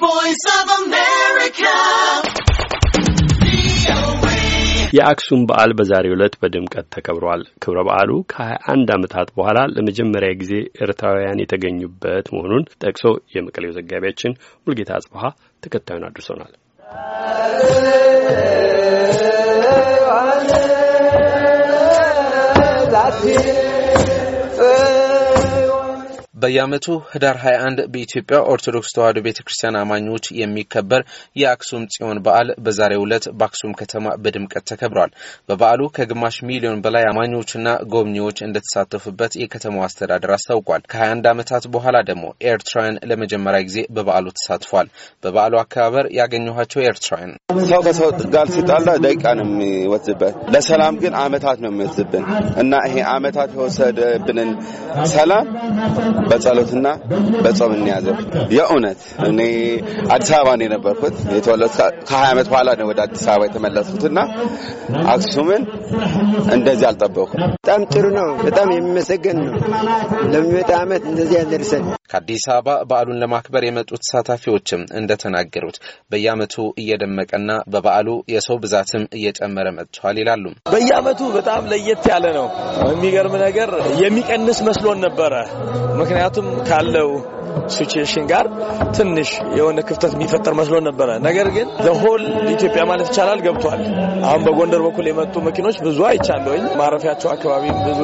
ቮይስ ኦፍ አሜሪካ የአክሱም በዓል በዛሬው ዕለት በድምቀት ተከብሯል። ክብረ በዓሉ ከ21 ዓመታት በኋላ ለመጀመሪያ ጊዜ ኤርትራውያን የተገኙበት መሆኑን ጠቅሶ የመቀሌው ዘጋቢያችን ሙልጌታ አጽበሀ ተከታዩን አድርሶናል። በየዓመቱ ህዳር 21 በኢትዮጵያ ኦርቶዶክስ ተዋሕዶ ቤተ ክርስቲያን አማኞች የሚከበር የአክሱም ጽዮን በዓል በዛሬው ዕለት በአክሱም ከተማ በድምቀት ተከብሯል። በበዓሉ ከግማሽ ሚሊዮን በላይ አማኞችና ጎብኚዎች እንደተሳተፉበት የከተማው አስተዳደር አስታውቋል። ከ21 ዓመታት በኋላ ደግሞ ኤርትራውያን ለመጀመሪያ ጊዜ በበዓሉ ተሳትፏል። በበዓሉ አከባበር ያገኘኋቸው ኤርትራውያን ሰው ከሰው ጋር ሲጣላ ደቂቃ ነው የሚወስድበት፣ ለሰላም ግን ዓመታት ነው የሚወስድብን እና ይሄ ዓመታት የወሰደብንን ሰላም በጸሎትና በጾም እንያዘው። የእውነት እኔ አዲስ አበባ ነው የነበርኩት የተወለድኩት። ከሀያ ዓመት በኋላ ነው ወደ አዲስ አበባ የተመለስኩትና አክሱምን እንደዚህ አልጠበኩም። በጣም ጥሩ ነው። በጣም የሚመሰገን ነው። ለሚመጣ ዓመት እንደዚህ ያደርሰን። ከአዲስ አበባ በዓሉን ለማክበር የመጡት ተሳታፊዎችም እንደተናገሩት በየዓመቱ እየደመቀና በበዓሉ የሰው ብዛትም እየጨመረ መጥቷል ይላሉ። በየዓመቱ በጣም ለየት ያለ ነው። የሚገርም ነገር የሚቀንስ መስሎን ነበረ ምክንያቱ ምክንያቱም ካለው ሲቹዌሽን ጋር ትንሽ የሆነ ክፍተት የሚፈጠር መስሎ ነበረ። ነገር ግን ለሆል ኢትዮጵያ ማለት ይቻላል ገብቷል። አሁን በጎንደር በኩል የመጡ መኪኖች ብዙ አይቻለሁኝ። ማረፊያቸው አካባቢ ብዙ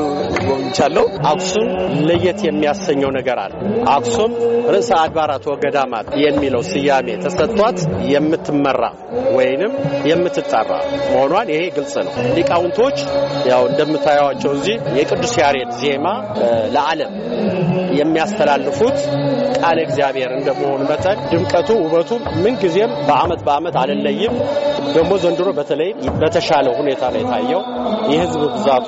ጎብኝቻለሁ። አክሱም ለየት የሚያሰኘው ነገር አለ። አክሱም ርዕሰ አድባራት ወገዳማት የሚለው ስያሜ ተሰጥቷት የምትመራ ወይንም የምትጠራ መሆኗን ይሄ ግልጽ ነው። ሊቃውንቶች ያው እንደምታየዋቸው እዚህ የቅዱስ ያሬድ ዜማ ለዓለም የሚያስተላልፉት ቃል እግዚአብሔር እንደመሆኑ መጠን ድምቀቱ፣ ውበቱ ምንጊዜም በአመት በአመት አልለይም። ደግሞ ዘንድሮ በተለይ በተሻለ ሁኔታ ነው የታየው የህዝብ ብዛቱ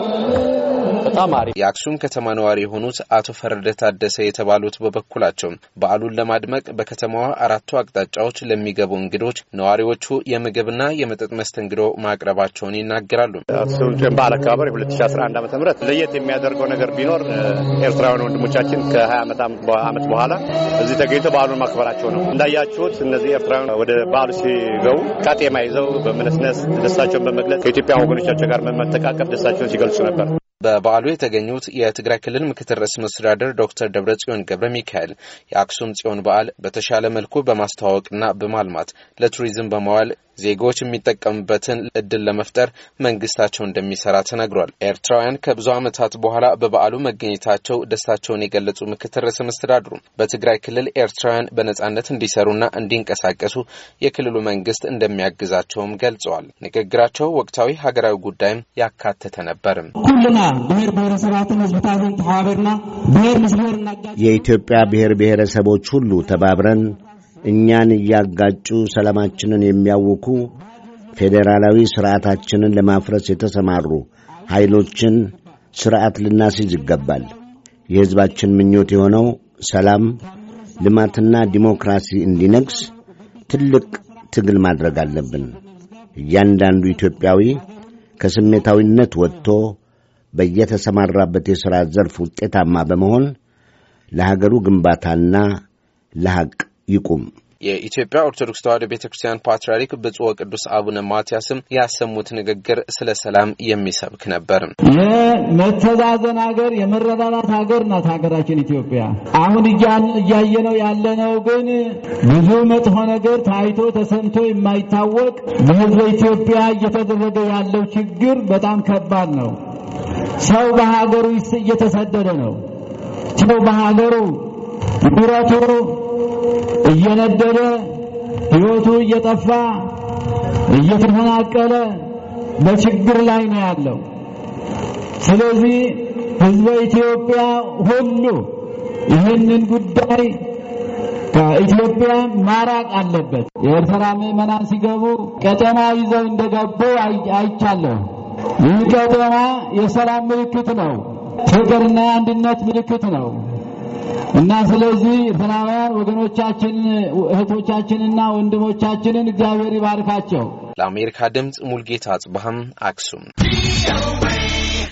በጣም አሪፍ። የአክሱም ከተማ ነዋሪ የሆኑት አቶ ፈረደ ታደሰ የተባሉት በበኩላቸው በዓሉን ለማድመቅ በከተማዋ አራቱ አቅጣጫዎች ለሚገቡ እንግዶች ነዋሪዎቹ የምግብና የመጠጥ መስተንግዶ ማቅረባቸውን ይናገራሉ። አክሱም ጨምባል አከባበር የ2011 ዓ ም ለየት የሚያደርገው ነገር ቢኖር ኤርትራውያን ወንድሞቻችን ከ20 ዓመት በኋላ እዚህ ተገኝተው በዓሉን ማክበራቸው ነው። እንዳያችሁት እነዚህ ኤርትራውያን ወደ በዓሉ ሲገቡ ቀጤማ ይዘው በመነስነስ ደስታቸውን በመግለጽ ከኢትዮጵያ ወገኖቻቸው ጋር በመተቃቀፍ ደስታቸውን ሲገልጹ ነበር። በበዓሉ የተገኙት የትግራይ ክልል ምክትል ርዕሰ መስተዳደር ዶክተር ደብረ ጽዮን ገብረ ሚካኤል የአክሱም ጽዮን በዓል በተሻለ መልኩ በማስተዋወቅና በማልማት ለቱሪዝም በመዋል ዜጎች የሚጠቀምበትን እድል ለመፍጠር መንግስታቸው እንደሚሰራ ተነግሯል። ኤርትራውያን ከብዙ ዓመታት በኋላ በበዓሉ መገኘታቸው ደስታቸውን የገለጹ ምክትል ርዕሰ መስተዳድሩ በትግራይ ክልል ኤርትራውያን በነጻነት እንዲሰሩና እንዲንቀሳቀሱ የክልሉ መንግስት እንደሚያግዛቸውም ገልጸዋል። ንግግራቸው ወቅታዊ ሀገራዊ ጉዳይም ያካተተ ነበርም። ብሔር የኢትዮጵያ ብሔር ብሔረሰቦች ሁሉ ተባብረን እኛን እያጋጩ ሰላማችንን የሚያውኩ ፌዴራላዊ ሥርዓታችንን ለማፍረስ የተሰማሩ ኃይሎችን ሥርዓት ልናስይዝ ይገባል። የሕዝባችን ምኞት የሆነው ሰላም፣ ልማትና ዲሞክራሲ እንዲነግስ ትልቅ ትግል ማድረግ አለብን። እያንዳንዱ ኢትዮጵያዊ ከስሜታዊነት ወጥቶ በየተሰማራበት የሥራ ዘርፍ ውጤታማ በመሆን ለሀገሩ ግንባታና ለሐቅ ይቁም። የኢትዮጵያ ኦርቶዶክስ ተዋሕዶ ቤተ ክርስቲያን ፓትርያርክ ብፁዕ ወቅዱስ አቡነ ማትያስም ያሰሙት ንግግር ስለ ሰላም የሚሰብክ ነበር። የመተዛዘን ሀገር፣ የመረዳዳት ሀገር ናት ሀገራችን ኢትዮጵያ። አሁን እያየነው ያለነው ግን ብዙ መጥፎ ነገር ታይቶ ተሰምቶ የማይታወቅ በሕዝበ ኢትዮጵያ እየተደረገ ያለው ችግር በጣም ከባድ ነው። ሰው በሀገሩ እየተሰደደ ነው። ሰው በሀገሩ ንብረቱ እየነደደ ህይወቱ እየጠፋ እየተፈናቀለ በችግር ላይ ነው ያለው። ስለዚህ ህዝበ ኢትዮጵያ ሁሉ ይህንን ጉዳይ ከኢትዮጵያ ማራቅ አለበት። የኤርትራ ምዕመናን ሲገቡ ቀጠና ይዘው እንደገቡ አይቻለሁ። ይህ ቀጠና የሰላም ምልክት ነው። ፍቅርና አንድነት ምልክት ነው። እና ስለዚህ ፍናውያን ወገኖቻችን እህቶቻችንና ወንድሞቻችንን እግዚአብሔር ይባርካቸው። ለአሜሪካ ድምፅ ሙልጌታ አጽባህም አክሱም